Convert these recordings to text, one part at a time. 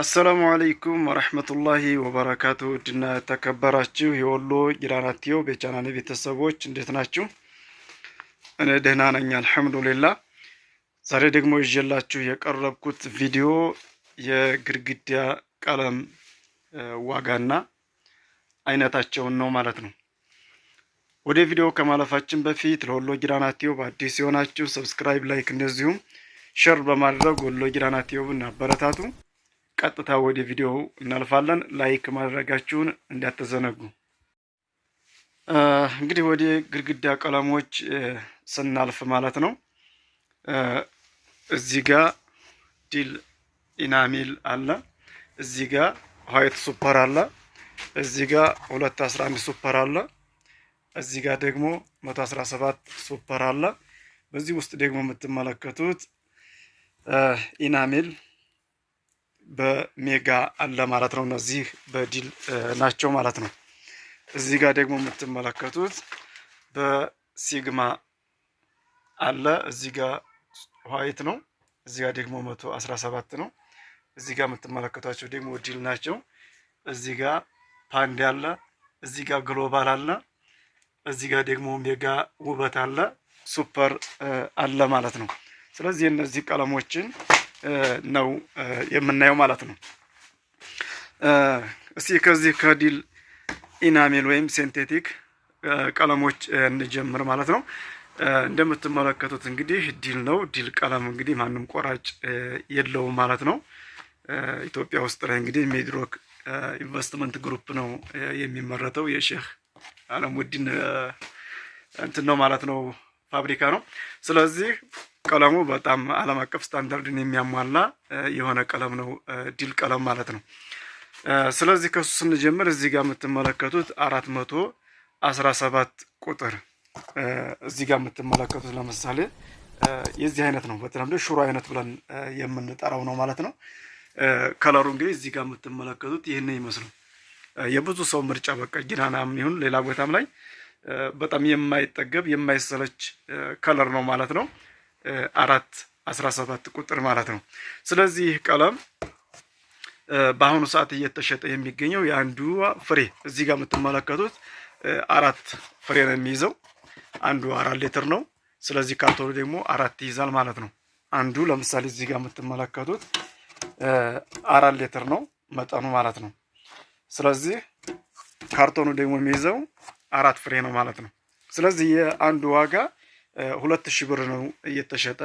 አሰላሙ አለይኩም ወረህመቱላሂ ወበረካቱ። ውድና ተከበራችሁ የወሎ ጊራናትዮ በቻናሌ ቤተሰቦች እንዴት ናችሁ? እኔ ደህና ነኝ አልሐምዱሊላ። ዛሬ ደግሞ ይዤላችሁ የቀረብኩት ቪዲዮ የግድግዳ ቀለም ዋጋና አይነታቸውን ነው ማለት ነው። ወደ ቪዲዮ ከማለፋችን በፊት ለወሎ ጊራናትዮ በአዲስ ሲሆናችሁ ሰብስክራይብ፣ ላይክ እንደዚሁም ሸር በማድረግ ወሎ ጊራናትዮብን አበረታቱ። ቀጥታ ወደ ቪዲዮው እናልፋለን። ላይክ ማድረጋችሁን እንዳትዘነጉ። እንግዲህ ወደ ግድግዳ ቀለሞች ስናልፍ ማለት ነው እዚህ ጋ ዲል ኢናሚል አለ፣ እዚህ ጋ ዋይት ሱፐር አለ፣ እዚህ ጋ ሁለት አስራ አንድ ሱፐር አለ፣ እዚህ ጋ ደግሞ መቶ አስራ ሰባት ሱፐር አለ። በዚህ ውስጥ ደግሞ የምትመለከቱት ኢናሚል በሜጋ አለ ማለት ነው። እነዚህ በዲል ናቸው ማለት ነው። እዚህ ጋር ደግሞ የምትመለከቱት በሲግማ አለ። እዚህ ጋር ኋይት ነው። እዚህ ጋር ደግሞ መቶ አስራ ሰባት ነው። እዚህ ጋር የምትመለከቷቸው ደግሞ ዲል ናቸው። እዚህ ጋር ፓንድ አለ። እዚህ ጋር ግሎባል አለ። እዚህ ጋር ደግሞ ሜጋ ውበት አለ፣ ሱፐር አለ ማለት ነው። ስለዚህ እነዚህ ቀለሞችን ነው የምናየው ማለት ነው። እስቲ ከዚህ ከዲል ኢናሜል ወይም ሴንቴቲክ ቀለሞች እንጀምር ማለት ነው። እንደምትመለከቱት እንግዲህ ዲል ነው። ዲል ቀለም እንግዲህ ማንም ቆራጭ የለውም ማለት ነው። ኢትዮጵያ ውስጥ ላይ እንግዲህ ሜድሮክ ኢንቨስትመንት ግሩፕ ነው የሚመረተው። የሼህ አለሙዲን እንትን ነው ማለት ነው፣ ፋብሪካ ነው። ስለዚህ ቀለሙ በጣም ዓለም አቀፍ ስታንዳርድን የሚያሟላ የሆነ ቀለም ነው፣ ዲል ቀለም ማለት ነው። ስለዚህ ከሱ ስንጀምር እዚህ ጋር የምትመለከቱት አራት መቶ አስራ ሰባት ቁጥር እዚህ ጋር የምትመለከቱት ለምሳሌ የዚህ አይነት ነው። በተለምዶ ሽሮ አይነት ብለን የምንጠራው ነው ማለት ነው። ከለሩ እንግዲህ እዚህ ጋር የምትመለከቱት ይህን ይመስሉ የብዙ ሰው ምርጫ በቃ ጊናናም ይሁን ሌላ ቦታም ላይ በጣም የማይጠገብ የማይሰለች ከለር ነው ማለት ነው። አራት አስራ ሰባት ቁጥር ማለት ነው። ስለዚህ ይህ ቀለም በአሁኑ ሰዓት እየተሸጠ የሚገኘው የአንዱ ፍሬ እዚህ ጋር የምትመለከቱት አራት ፍሬ ነው የሚይዘው። አንዱ አራት ሊትር ነው። ስለዚህ ካርቶኑ ደግሞ አራት ይይዛል ማለት ነው። አንዱ ለምሳሌ እዚህ ጋር የምትመለከቱት አራት ሊትር ነው መጠኑ ማለት ነው። ስለዚህ ካርቶኑ ደግሞ የሚይዘው አራት ፍሬ ነው ማለት ነው። ስለዚህ የአንዱ ዋጋ ሁለት ሺህ ብር ነው እየተሸጠ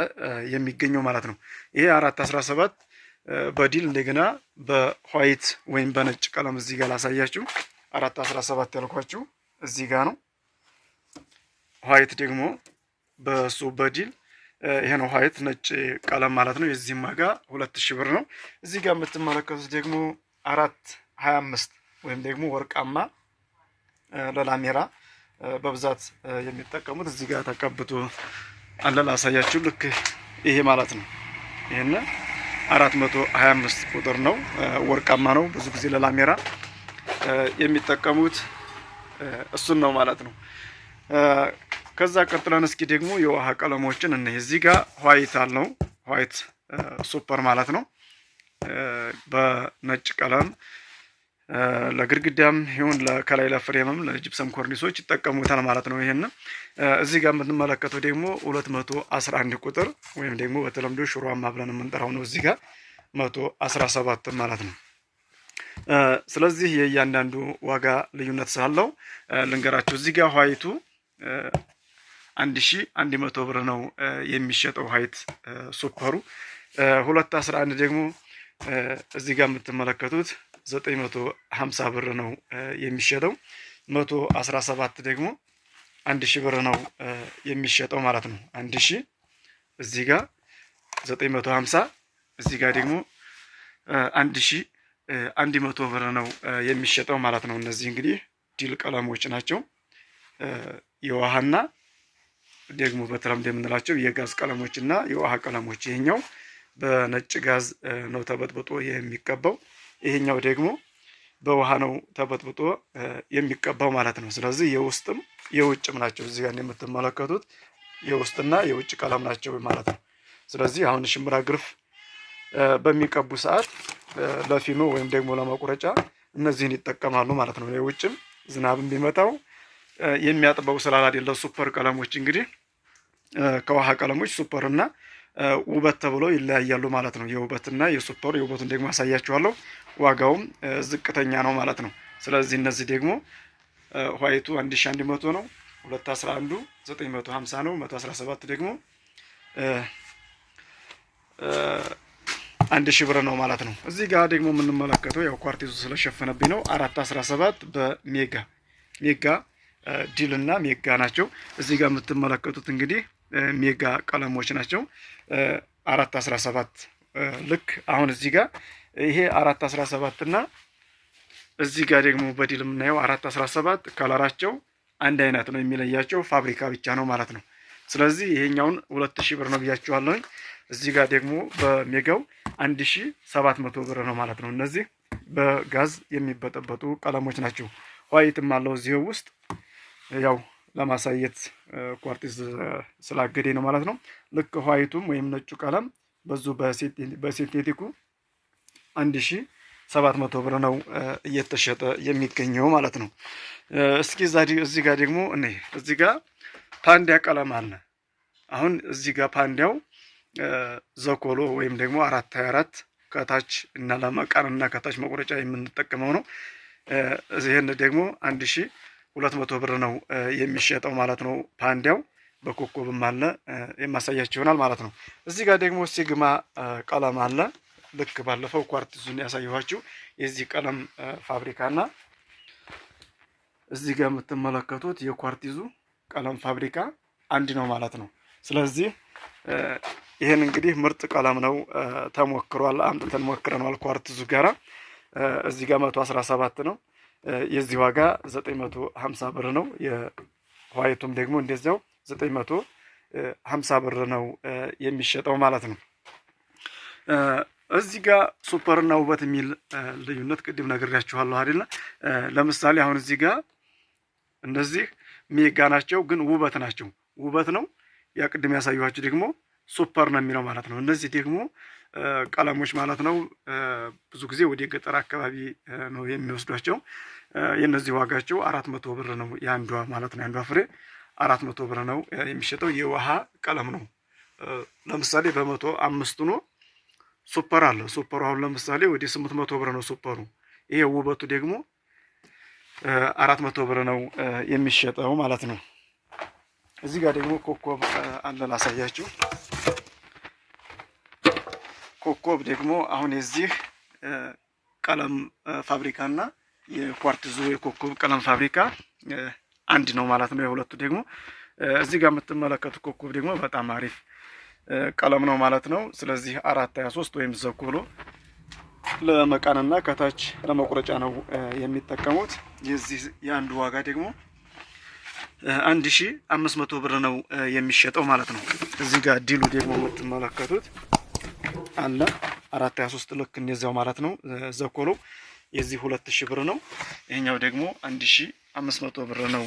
የሚገኘው ማለት ነው። ይሄ አራት አስራ ሰባት በዲል እንደገና በዋይት ወይም በነጭ ቀለም እዚህ ጋር ላሳያችሁ። አራት አስራ ሰባት ያልኳችሁ እዚህ ጋር ነው። ዋይት ደግሞ በሱ በዲል ይሄ ነው ዋይት ነጭ ቀለም ማለት ነው። የዚህም ዋጋ ሁለት ሺህ ብር ነው። እዚህ ጋር የምትመለከቱት ደግሞ አራት ሀያ አምስት ወይም ደግሞ ወርቃማ ለላሜራ በብዛት የሚጠቀሙት እዚህ ጋር ተቀብቶ አለ። ላሳያችሁ። ልክ ይሄ ማለት ነው። ይህን አራት መቶ ሀያ አምስት ቁጥር ነው። ወርቃማ ነው። ብዙ ጊዜ ለላሜራ የሚጠቀሙት እሱን ነው ማለት ነው። ከዛ ቀጥለን እስኪ ደግሞ የውሃ ቀለሞችን እነ እዚህ ጋር ዋይት አልነው። ዋይት ሱፐር ማለት ነው። በነጭ ቀለም ለግድግዳም ይሁን ከላይ ለፍሬምም ለጅብሰም ኮርኒሶች ይጠቀሙታል ማለት ነው። ይህን እዚህ ጋር የምትመለከተው ደግሞ ሁለት መቶ ቁጥር ወይም ደግሞ በተለምዶ ሽሮማ ብለን የምንጠራው ነው። እዚህ ጋር መቶ ማለት ነው። ስለዚህ የእያንዳንዱ ዋጋ ልዩነት ስላለው ልንገራቸው። እዚህ ጋር ኋይቱ አንድ ሺ አንድ መቶ ብር ነው የሚሸጠው ሀይት ሱፐሩ ሁለት አስራ አንድ ደግሞ እዚህ ጋር የምትመለከቱት 950 ብር ነው የሚሸጠው። 117 ደግሞ 1000 ብር ነው የሚሸጠው ማለት ነው። 1000 እዚህ ጋር 950 እዚህ ጋር ደግሞ 100 ብር ነው የሚሸጠው ማለት ነው። እነዚህ እንግዲህ ዲል ቀለሞች ናቸው። የውሃና ደግሞ በተለምዶ የምንላቸው የጋዝ ቀለሞች እና የውሃ ቀለሞች። ይሄኛው በነጭ ጋዝ ነው ተበጥብጦ የሚቀባው። ይሄኛው ደግሞ በውሃ ነው ተበጥብጦ የሚቀባው ማለት ነው። ስለዚህ የውስጥም የውጭም ናቸው። እዚህ ጋር የምትመለከቱት የውስጥና የውጭ ቀለም ናቸው ማለት ነው። ስለዚህ አሁን ሽምብራ ግርፍ በሚቀቡ ሰዓት ለፊኖ ወይም ደግሞ ለመቁረጫ እነዚህን ይጠቀማሉ ማለት ነው። የውጭም ዝናብን ቢመጣው የሚያጥበው ስላላደለ ሱፐር ቀለሞች እንግዲህ ከውሃ ቀለሞች ሱፐር እና ውበት ተብሎ ይለያያሉ ማለት ነው። የውበትና የሱፐሩ የውበቱን ደግሞ ያሳያችኋለሁ። ዋጋውም ዝቅተኛ ነው ማለት ነው። ስለዚህ እነዚህ ደግሞ ዋይቱ 1100 ነው። 211 950 ነው። 117 ደግሞ አንድ ሺህ ብር ነው ማለት ነው። እዚህ ጋር ደግሞ የምንመለከተው ያው ኳርቲዙ ስለሸፈነብኝ ነው። 417 በሜጋ ሜጋ ዲል እና ሜጋ ናቸው። እዚህ ጋር የምትመለከቱት እንግዲህ ሜጋ ቀለሞች ናቸው። አራት አስራ ሰባት ልክ አሁን እዚህ ጋር ይሄ አራት አስራ ሰባት እና እዚህ ጋር ደግሞ በዲል የምናየው አራት አስራ ሰባት ከለራቸው አንድ አይነት ነው የሚለያቸው ፋብሪካ ብቻ ነው ማለት ነው። ስለዚህ ይሄኛውን ሁለት ሺህ ብር ነው ብያችኋለሁኝ። እዚህ ጋር ደግሞ በሜጋው አንድ ሺህ ሰባት መቶ ብር ነው ማለት ነው። እነዚህ በጋዝ የሚበጠበጡ ቀለሞች ናቸው። ዋይትም አለው እዚህ ውስጥ ያው ለማሳየት ኳርቲዝ ስላገዴ ነው ማለት ነው። ልክ ዋይቱም ወይም ነጩ ቀለም በዙ በሲንቴቲኩ አንድ ሺ ሰባት መቶ ብር ነው እየተሸጠ የሚገኘው ማለት ነው። እስኪ እዚህ ጋር ደግሞ እኔ እዚህ ጋር ፓንዲያ ቀለም አለ። አሁን እዚህ ጋር ፓንዲያው ዘኮሎ ወይም ደግሞ አራት ሀያ አራት ከታች እና ለመቃን እና ከታች መቁረጫ የምንጠቀመው ነው። ይህን ደግሞ አንድ ሺ ሁለት መቶ ብር ነው የሚሸጠው ማለት ነው። ፓንዲያው በኮከብም አለ የማሳያቸው ይሆናል ማለት ነው። እዚህ ጋር ደግሞ ሲግማ ቀለም አለ። ልክ ባለፈው ኳርቲዙን ያሳየኋችሁ የዚህ ቀለም ፋብሪካና እዚህ ጋር የምትመለከቱት የኳርቲዙ ቀለም ፋብሪካ አንድ ነው ማለት ነው። ስለዚህ ይህን እንግዲህ ምርጥ ቀለም ነው፣ ተሞክሯል። አምጥተን ሞክረነዋል። ኳርቲዙ ጋራ እዚህ ጋር መቶ አስራ ሰባት ነው። Eh, የዚህ ዋጋ 950 ብር ነው። የዋይቱም ደግሞ እንደዚያው 950 ብር ነው eh, የሚሸጠው ማለት ነው። eh, እዚህ ጋር ሱፐርና ውበት የሚል ልዩነት ቅድም ነግሬያችኋለሁ አይደለ? ለምሳሌ አሁን እዚህ ጋር እነዚህ ሜጋ ናቸው፣ ግን ውበት ናቸው። ውበት ነው ያ ቅድም ደግሞ ሱፐር ነው የሚለው ማለት ነው። እነዚህ ደግሞ ቀለሞች ማለት ነው። ብዙ ጊዜ ወደ ገጠር አካባቢ ነው የሚወስዷቸው። የነዚህ ዋጋቸው አራት መቶ ብር ነው የአንዷ ማለት ነው። የአንዷ ፍሬ አራት መቶ ብር ነው የሚሸጠው። የውሃ ቀለም ነው። ለምሳሌ በመቶ አምስት ኖ ሱፐር አለ። ሱፐሩ አሁን ለምሳሌ ወደ ስምንት መቶ ብር ነው ሱፐሩ። ይሄ ውበቱ ደግሞ አራት መቶ ብር ነው የሚሸጠው ማለት ነው። እዚህ ጋር ደግሞ ኮከብ አለ ላሳያችሁ። ኮከብ ደግሞ አሁን የዚህ ቀለም ፋብሪካ እና የኳርትዙ የኮከብ ቀለም ፋብሪካ አንድ ነው ማለት ነው። የሁለቱ ደግሞ እዚህ ጋር የምትመለከቱ ኮከብ ደግሞ በጣም አሪፍ ቀለም ነው ማለት ነው። ስለዚህ አራት ሀያ ሶስት ወይም ዘኮሎ ለመቃንና ከታች ለመቁረጫ ነው የሚጠቀሙት። የዚህ የአንዱ ዋጋ ደግሞ አንድ ሺ አምስት መቶ ብር ነው የሚሸጠው ማለት ነው። እዚህ ጋር ዲሉ ደግሞ የምትመለከቱት አለ ሶስት ልክ እንደዚያው ማለት ነው። ዘኮሎ የዚህ ሺህ ብር ነው። ይሄኛው ደግሞ 5መቶ ብር ነው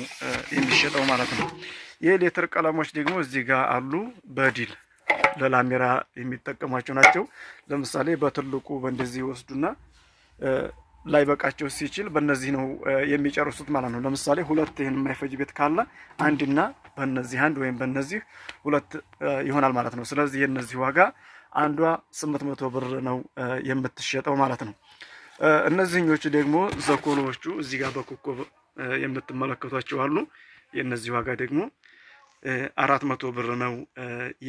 የሚሸጠው ማለት ነው። የሌተር ቀለሞች ደግሞ እዚህ ጋር አሉ በዲል ለላሜራ የሚጠቀሟቸው ናቸው። ለምሳሌ በትልቁ በእንደዚህ ይወስዱና ላይበቃቸው ሲችል በእነዚህ ነው የሚጨርሱት ማለት ነው። ለምሳሌ ሁለት ይህን የማይፈጅ ቤት ካለ አንድና በእነዚህ አንድ ወይም በእነዚህ ሁለት ይሆናል ማለት ነው። ስለዚህ የእነዚህ ዋጋ አንዷ ስምንት መቶ ብር ነው የምትሸጠው ማለት ነው። እነዚህኞቹ ደግሞ ዘኮኖዎቹ እዚህ ጋር በኮከብ የምትመለከቷቸው አሉ። የእነዚህ ዋጋ ደግሞ አራት መቶ ብር ነው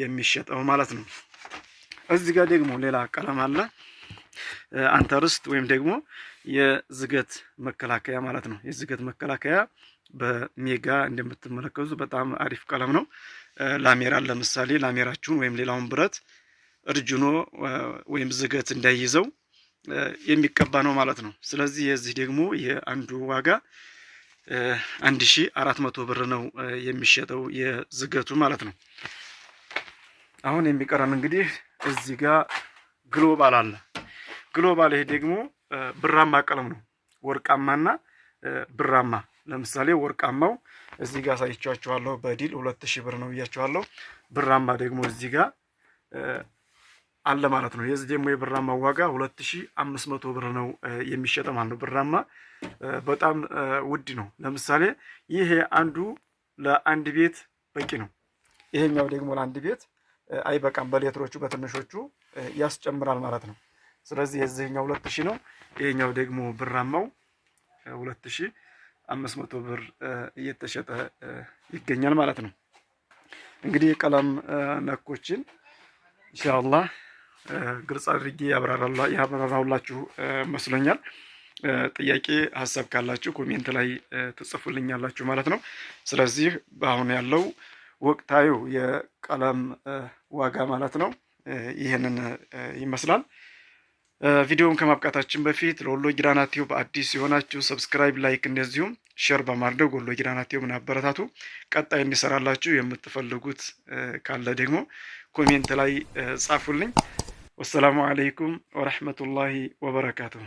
የሚሸጠው ማለት ነው። እዚህ ጋር ደግሞ ሌላ ቀለም አለ። አንተርስት ወይም ደግሞ የዝገት መከላከያ ማለት ነው። የዝገት መከላከያ በሜጋ እንደምትመለከቱ በጣም አሪፍ ቀለም ነው። ላሜራን ለምሳሌ ላሜራችሁን ወይም ሌላውን ብረት እርጅኖ ወይም ዝገት እንዳይይዘው የሚቀባ ነው ማለት ነው። ስለዚህ የዚህ ደግሞ የአንዱ ዋጋ አንድ ሺ አራት መቶ ብር ነው የሚሸጠው የዝገቱ ማለት ነው። አሁን የሚቀረን እንግዲህ እዚህ ጋር ግሎባል አለ። ግሎባል ይሄ ደግሞ ብራማ ቀለም ነው። ወርቃማና ብራማ ለምሳሌ ወርቃማው እዚህ ጋር አሳይቻችኋለሁ በዲል ሁለት ሺህ ብር ነው ብያችኋለሁ። ብራማ ደግሞ እዚህ ጋር አለ ማለት ነው። የዚህ ደግሞ የብራማ ዋጋ ሁለት ሺህ አምስት መቶ ብር ነው የሚሸጠ ማለት ነው። ብራማ በጣም ውድ ነው። ለምሳሌ ይሄ አንዱ ለአንድ ቤት በቂ ነው። ይሄኛው ደግሞ ለአንድ ቤት አይበቃም። በሌትሮቹ በትንሾቹ ያስጨምራል ማለት ነው። ስለዚህ የዚህኛው ሁለት ሺህ ነው። ይሄኛው ደግሞ ብራማው ሁለት ሺህ አምስት መቶ ብር እየተሸጠ ይገኛል ማለት ነው። እንግዲህ ቀለም ነኮችን ኢንሻአላህ ግልጽ አድርጌ ያብራራሁላችሁ መስሎኛል። ጥያቄ ሀሳብ ካላችሁ ኮሜንት ላይ ትጽፉልኛላችሁ ማለት ነው። ስለዚህ በአሁኑ ያለው ወቅታዊ የቀለም ዋጋ ማለት ነው ይህንን ይመስላል። ቪዲዮውን ከማብቃታችን በፊት ለወሎ ጊራና ቲዩብ አዲስ የሆናችሁ ሰብስክራይብ፣ ላይክ እንደዚሁም ሼር በማድረግ ወሎ ጊራና ቲዩብን አበረታቱ። ቀጣይ እንዲሰራላችሁ የምትፈልጉት ካለ ደግሞ ኮሜንት ላይ ጻፉልኝ። ወሰላሙ አለይኩም ወረሕመቱላሂ ወበረካቱሁ።